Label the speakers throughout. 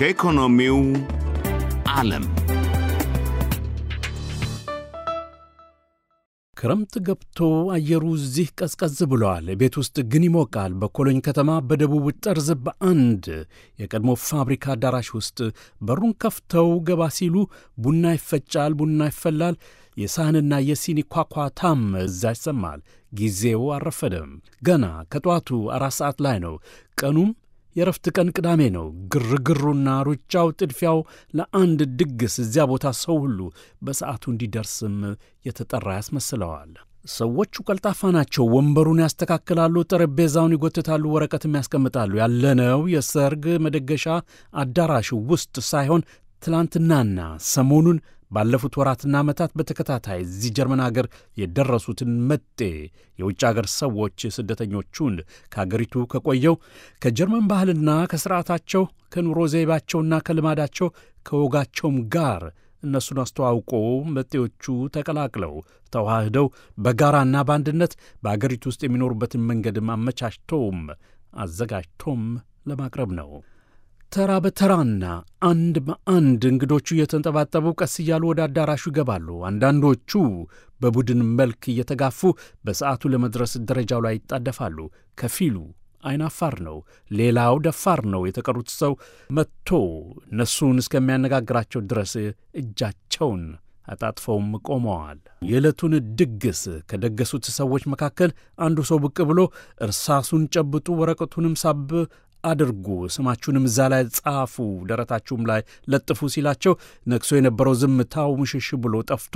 Speaker 1: ከኢኮኖሚው ዓለም ክረምት ገብቶ አየሩ እዚህ ቀዝቀዝ ብለዋል። ቤት ውስጥ ግን ይሞቃል። በኮሎኝ ከተማ በደቡብ ጠርዝ በአንድ የቀድሞ ፋብሪካ አዳራሽ ውስጥ በሩን ከፍተው ገባ ሲሉ ቡና ይፈጫል፣ ቡና ይፈላል። የሳህንና የሲኒ ኳኳታም እዛ ይሰማል። ጊዜው አረፈደም። ገና ከጠዋቱ አራት ሰዓት ላይ ነው። ቀኑም የረፍት ቀን ቅዳሜ ነው። ግርግሩና ሩጫው፣ ጥድፊያው ለአንድ ድግስ እዚያ ቦታ ሰው ሁሉ በሰዓቱ እንዲደርስም የተጠራ ያስመስለዋል። ሰዎቹ ቀልጣፋ ናቸው። ወንበሩን ያስተካክላሉ፣ ጠረጴዛውን ይጎትታሉ፣ ወረቀትም ያስቀምጣሉ። ያለነው የሰርግ መደገሻ አዳራሽ ውስጥ ሳይሆን ትላንትናና ሰሞኑን ባለፉት ወራትና ዓመታት በተከታታይ እዚህ ጀርመን አገር የደረሱትን መጤ የውጭ አገር ሰዎች ስደተኞቹን ከአገሪቱ ከቆየው ከጀርመን ባህልና ከሥርዓታቸው ከኑሮ ዘይቤያቸውና ከልማዳቸው ከወጋቸውም ጋር እነሱን አስተዋውቆ መጤዎቹ ተቀላቅለው ተዋህደው በጋራና በአንድነት በአገሪቱ ውስጥ የሚኖሩበትን መንገድም አመቻችቶም አዘጋጅቶም ለማቅረብ ነው። ተራ በተራና አንድ በአንድ እንግዶቹ እየተንጠባጠቡ ቀስ እያሉ ወደ አዳራሹ ይገባሉ። አንዳንዶቹ በቡድን መልክ እየተጋፉ በሰዓቱ ለመድረስ ደረጃው ላይ ይጣደፋሉ። ከፊሉ አይናፋር ነው፣ ሌላው ደፋር ነው። የተቀሩት ሰው መጥቶ እነሱን እስከሚያነጋግራቸው ድረስ እጃቸውን አጣጥፈውም ቆመዋል። የዕለቱን ድግስ ከደገሱት ሰዎች መካከል አንዱ ሰው ብቅ ብሎ እርሳሱን ጨብጡ፣ ወረቀቱንም ሳብ አድርጉ፣ ስማችሁንም እዛ ላይ ጻፉ፣ ደረታችሁም ላይ ለጥፉ ሲላቸው ነግሶ የነበረው ዝምታው ምሽሽ ብሎ ጠፍቶ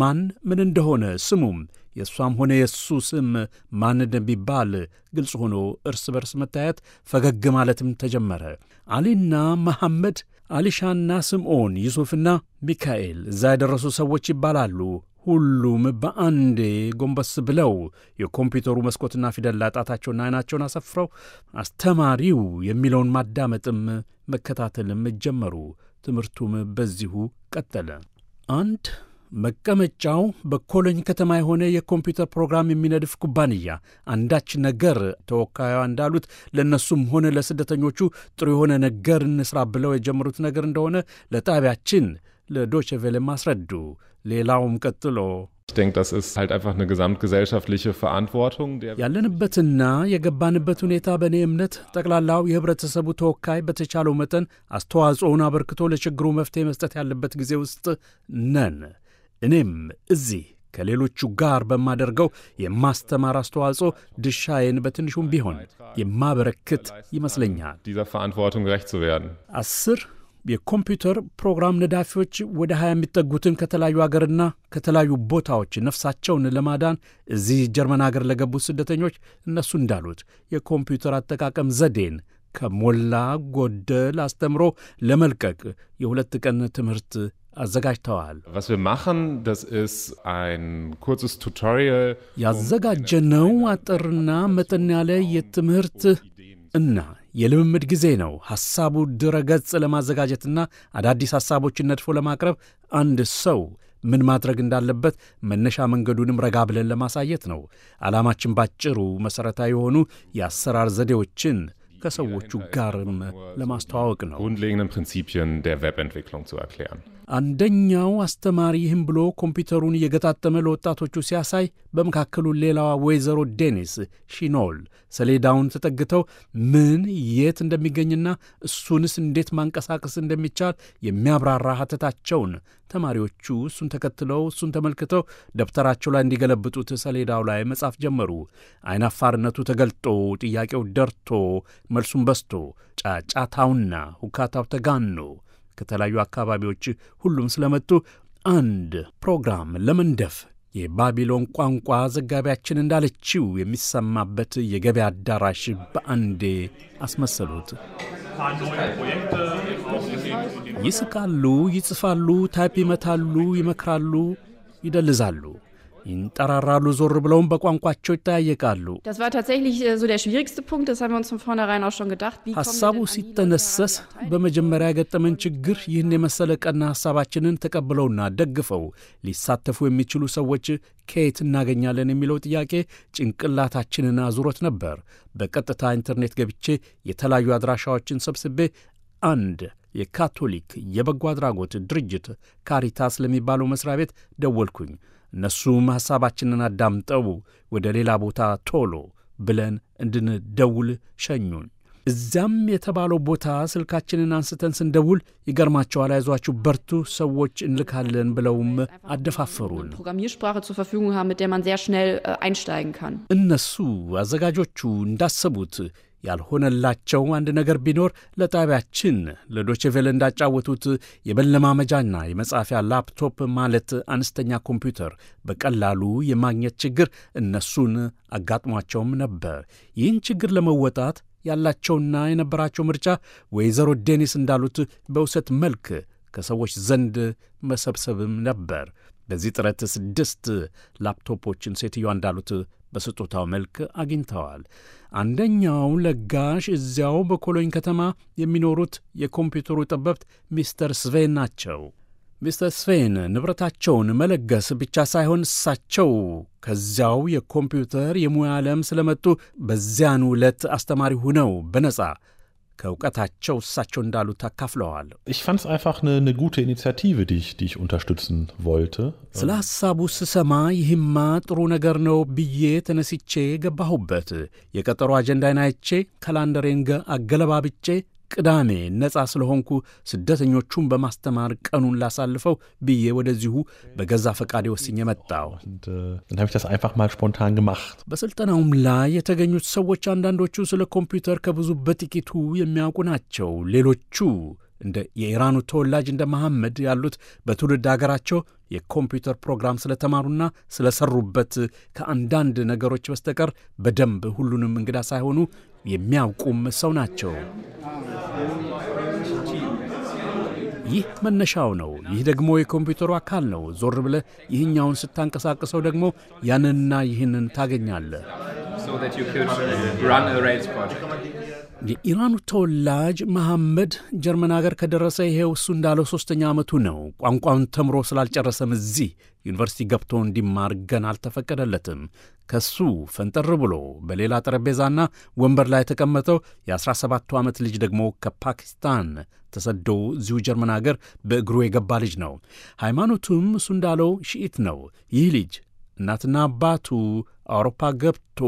Speaker 1: ማን ምን እንደሆነ ስሙም የእሷም ሆነ የእሱ ስም ማን እንደሚባል ግልጽ ሆኖ እርስ በርስ መታየት ፈገግ ማለትም ተጀመረ። አሊና መሐመድ፣ አሊሻና ስምዖን፣ ዩሱፍና ሚካኤል እዛ የደረሱ ሰዎች ይባላሉ። ሁሉም በአንዴ ጎንበስ ብለው የኮምፒውተሩ መስኮትና ፊደል ላጣታቸውና አይናቸውን አሰፍረው አስተማሪው የሚለውን ማዳመጥም መከታተልም ጀመሩ። ትምህርቱም በዚሁ ቀጠለ። አንድ መቀመጫው በኮሎኝ ከተማ የሆነ የኮምፒውተር ፕሮግራም የሚነድፍ ኩባንያ አንዳች ነገር ተወካዩ እንዳሉት ለእነሱም ሆነ ለስደተኞቹ ጥሩ የሆነ ነገር እንስራ ብለው የጀመሩት ነገር እንደሆነ ለጣቢያችን ለዶችቬሌም አስረዱ። ሌላውም ቀጥሎ ያለንበትና የገባንበት ሁኔታ በእኔ እምነት ጠቅላላው የህብረተሰቡ ተወካይ በተቻለው መጠን አስተዋጽኦውን አበርክቶ ለችግሩ መፍትሄ መስጠት ያለበት ጊዜ ውስጥ ነን። እኔም እዚህ ከሌሎቹ ጋር በማደርገው የማስተማር አስተዋጽኦ ድርሻዬን በትንሹም ቢሆን የማበረክት ይመስለኛል። አስር የኮምፒውተር ፕሮግራም ነዳፊዎች ወደ ሀያ የሚጠጉትን ከተለያዩ አገርና ከተለያዩ ቦታዎች ነፍሳቸውን ለማዳን እዚህ ጀርመን አገር ለገቡት ስደተኞች እነሱ እንዳሉት የኮምፒውተር አጠቃቀም ዘዴን ከሞላ ጎደል አስተምሮ ለመልቀቅ የሁለት ቀን ትምህርት አዘጋጅተዋል። um ያዘጋጀነው አጠርና መጠን ያለ የትምህርት እና የልምምድ ጊዜ ነው። ሐሳቡ ድረ ገጽ ለማዘጋጀትና አዳዲስ ሐሳቦችን ነድፎ ለማቅረብ አንድ ሰው ምን ማድረግ እንዳለበት መነሻ መንገዱንም ረጋ ብለን ለማሳየት ነው። ዓላማችን ባጭሩ መሠረታዊ የሆኑ የአሰራር ዘዴዎችን ከሰዎቹ ጋርም ለማስተዋወቅ ነው። አንደኛው አስተማሪ ይህም ብሎ ኮምፒውተሩን እየገጣጠመ ለወጣቶቹ ሲያሳይ በመካከሉ ሌላዋ ወይዘሮ ዴኒስ ሺኖል ሰሌዳውን ተጠግተው ምን የት እንደሚገኝና እሱንስ እንዴት ማንቀሳቀስ እንደሚቻል የሚያብራራ ሀተታቸውን ተማሪዎቹ እሱን ተከትለው እሱን ተመልክተው ደብተራቸው ላይ እንዲገለብጡት ሰሌዳው ላይ መጻፍ ጀመሩ። አይናፋርነቱ ተገልጦ፣ ጥያቄው ደርቶ፣ መልሱን በስቶ፣ ጫጫታውና ሁካታው ተጋኖ ከተለያዩ አካባቢዎች ሁሉም ስለመጡ አንድ ፕሮግራም ለመንደፍ የባቢሎን ቋንቋ ዘጋቢያችን እንዳለችው የሚሰማበት የገበያ አዳራሽ በአንዴ አስመሰሉት። ይስቃሉ፣ ይጽፋሉ፣ ታይፕ ይመታሉ፣ ይመክራሉ፣ ይደልዛሉ። ይንጠራራሉ፣ ዞር ብለውም በቋንቋቸው ይጠያየቃሉ። ሀሳቡ äh, ሲጠነሰስ በመጀመሪያ የገጠመን ችግር ይህን የመሰለ ቀና ሀሳባችንን ተቀብለውና ደግፈው ሊሳተፉ የሚችሉ ሰዎች ከየት እናገኛለን የሚለው ጥያቄ ጭንቅላታችንን አዙሮት ነበር። በቀጥታ ኢንተርኔት ገብቼ የተለያዩ አድራሻዎችን ሰብስቤ አንድ የካቶሊክ የበጎ አድራጎት ድርጅት ካሪታስ ለሚባለው መስሪያ ቤት ደወልኩኝ። እነሱም ሐሳባችንን አዳምጠው ወደ ሌላ ቦታ ቶሎ ብለን እንድንደውል ሸኙን። እዚያም የተባለው ቦታ ስልካችንን አንስተን ስንደውል ይገርማቸዋል። አይዟችሁ በርቱ፣ ሰዎች እንልካለን ብለውም አደፋፈሩን። እነሱ አዘጋጆቹ እንዳሰቡት ያልሆነላቸው አንድ ነገር ቢኖር ለጣቢያችን ለዶችቬል እንዳጫወቱት የመለማመጃና የመጻፊያ ላፕቶፕ ማለት አነስተኛ ኮምፒውተር በቀላሉ የማግኘት ችግር እነሱን አጋጥሟቸውም ነበር። ይህን ችግር ለመወጣት ያላቸውና የነበራቸው ምርጫ ወይዘሮ ዴኒስ እንዳሉት በውሰት መልክ ከሰዎች ዘንድ መሰብሰብም ነበር። በዚህ ጥረት ስድስት ላፕቶፖችን ሴትዮዋ እንዳሉት በስጦታው መልክ አግኝተዋል። አንደኛው ለጋሽ እዚያው በኮሎኝ ከተማ የሚኖሩት የኮምፒውተሩ ጠበብት ሚስተር ስቬን ናቸው። ሚስተር ስቬን ንብረታቸውን መለገስ ብቻ ሳይሆን እሳቸው ከዚያው የኮምፒውተር የሙያ ዓለም ስለመጡ በዚያን ዕለት አስተማሪ ሁነው በነጻ ከእውቀታቸው እሳቸው እንዳሉት አካፍለዋል። Ich fand es einfach eine, eine gute Initiative, die ich, die ich unterstützen wollte. ስለ ሐሳቡ ስሰማ ይህማ ጥሩ ነገር ነው ብዬ ተነስቼ ገባሁበት የቀጠሮ አጀንዳን አይቼ ካላንደሬን አገለባብጬ ቅዳሜ ነጻ ስለሆንኩ ስደተኞቹን በማስተማር ቀኑን ላሳልፈው ብዬ ወደዚሁ በገዛ ፈቃድ ወስኜ መጣሁ። äh, በስልጠናውም ላይ የተገኙት ሰዎች አንዳንዶቹ ስለ ኮምፒውተር ከብዙ በጥቂቱ የሚያውቁ ናቸው። ሌሎቹ እንደ የኢራኑ ተወላጅ እንደ መሐመድ ያሉት በትውልድ አገራቸው የኮምፒውተር ፕሮግራም ስለተማሩና ስለሰሩበት ከአንዳንድ ነገሮች በስተቀር በደንብ ሁሉንም እንግዳ ሳይሆኑ የሚያውቁም ሰው ናቸው። ይህ መነሻው ነው። ይህ ደግሞ የኮምፒውተሩ አካል ነው። ዞር ብለህ ይህኛውን ስታንቀሳቅሰው ደግሞ ያንንና ይህንን ታገኛለህ። የኢራኑ ተወላጅ መሐመድ ጀርመን ሀገር ከደረሰ ይሄው እሱ እንዳለው ሶስተኛ ዓመቱ ነው። ቋንቋውን ተምሮ ስላልጨረሰም እዚህ ዩኒቨርሲቲ ገብቶ እንዲማር ገና አልተፈቀደለትም። ከሱ ፈንጠር ብሎ በሌላ ጠረጴዛና ወንበር ላይ የተቀመጠው የ17 ዓመት ልጅ ደግሞ ከፓኪስታን ተሰዶ እዚሁ ጀርመን አገር በእግሩ የገባ ልጅ ነው። ሃይማኖቱም እሱ እንዳለው ሽኢት ነው። ይህ ልጅ እናትና አባቱ አውሮፓ ገብቶ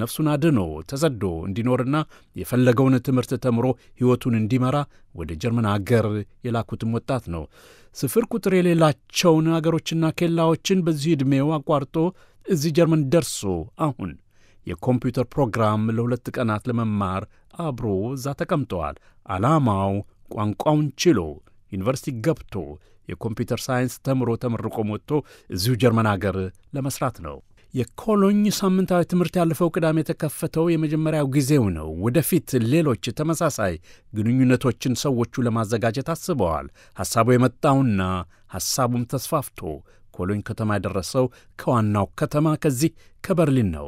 Speaker 1: ነፍሱን አድኖ ተሰዶ እንዲኖርና የፈለገውን ትምህርት ተምሮ ሕይወቱን እንዲመራ ወደ ጀርመን አገር የላኩትም ወጣት ነው። ስፍር ቁጥር የሌላቸውን አገሮችና ኬላዎችን በዚህ ዕድሜው አቋርጦ እዚህ ጀርመን ደርሶ አሁን የኮምፒውተር ፕሮግራም ለሁለት ቀናት ለመማር አብሮ እዛ ተቀምጠዋል። ዓላማው ቋንቋውን ችሎ ዩኒቨርሲቲ ገብቶ የኮምፒውተር ሳይንስ ተምሮ ተመርቆ ወጥቶ እዚሁ ጀርመን አገር ለመስራት ነው። የኮሎኝ ሳምንታዊ ትምህርት ያለፈው ቅዳሜ የተከፈተው የመጀመሪያው ጊዜው ነው። ወደፊት ሌሎች ተመሳሳይ ግንኙነቶችን ሰዎቹ ለማዘጋጀት አስበዋል። ሐሳቡ የመጣውና ሐሳቡም ተስፋፍቶ ኮሎኝ ከተማ የደረሰው ከዋናው ከተማ ከዚህ ከበርሊን ነው።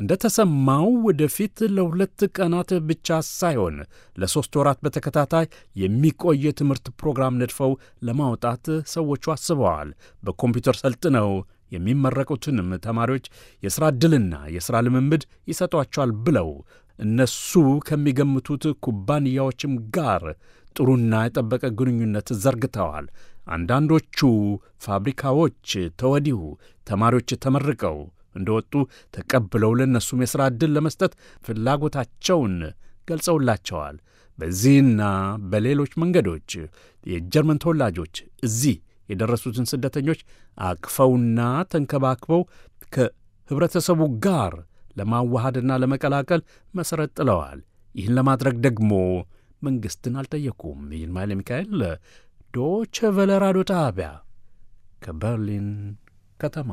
Speaker 1: እንደ ተሰማው ወደፊት ለሁለት ቀናት ብቻ ሳይሆን ለሦስት ወራት በተከታታይ የሚቆይ የትምህርት ፕሮግራም ነድፈው ለማውጣት ሰዎቹ አስበዋል። በኮምፒውተር ሰልጥነው የሚመረቁትንም ተማሪዎች የሥራ ዕድልና የሥራ ልምምድ ይሰጧቸዋል ብለው እነሱ ከሚገምቱት ኩባንያዎችም ጋር ጥሩና የጠበቀ ግንኙነት ዘርግተዋል። አንዳንዶቹ ፋብሪካዎች ተወዲሁ ተማሪዎች ተመርቀው እንደወጡ ተቀብለው ለእነሱም የሥራ ዕድል ለመስጠት ፍላጎታቸውን ገልጸውላቸዋል። በዚህና በሌሎች መንገዶች የጀርመን ተወላጆች እዚህ የደረሱትን ስደተኞች አቅፈውና ተንከባክበው ከኅብረተሰቡ ጋር ለማዋሃድና ለመቀላቀል መሠረት ጥለዋል። ይህን ለማድረግ ደግሞ መንግሥትን አልጠየቁም። ይልማይል ሚካኤል ዶቸ ቨለ ራዲዮ ጣቢያ ከበርሊን ከተማ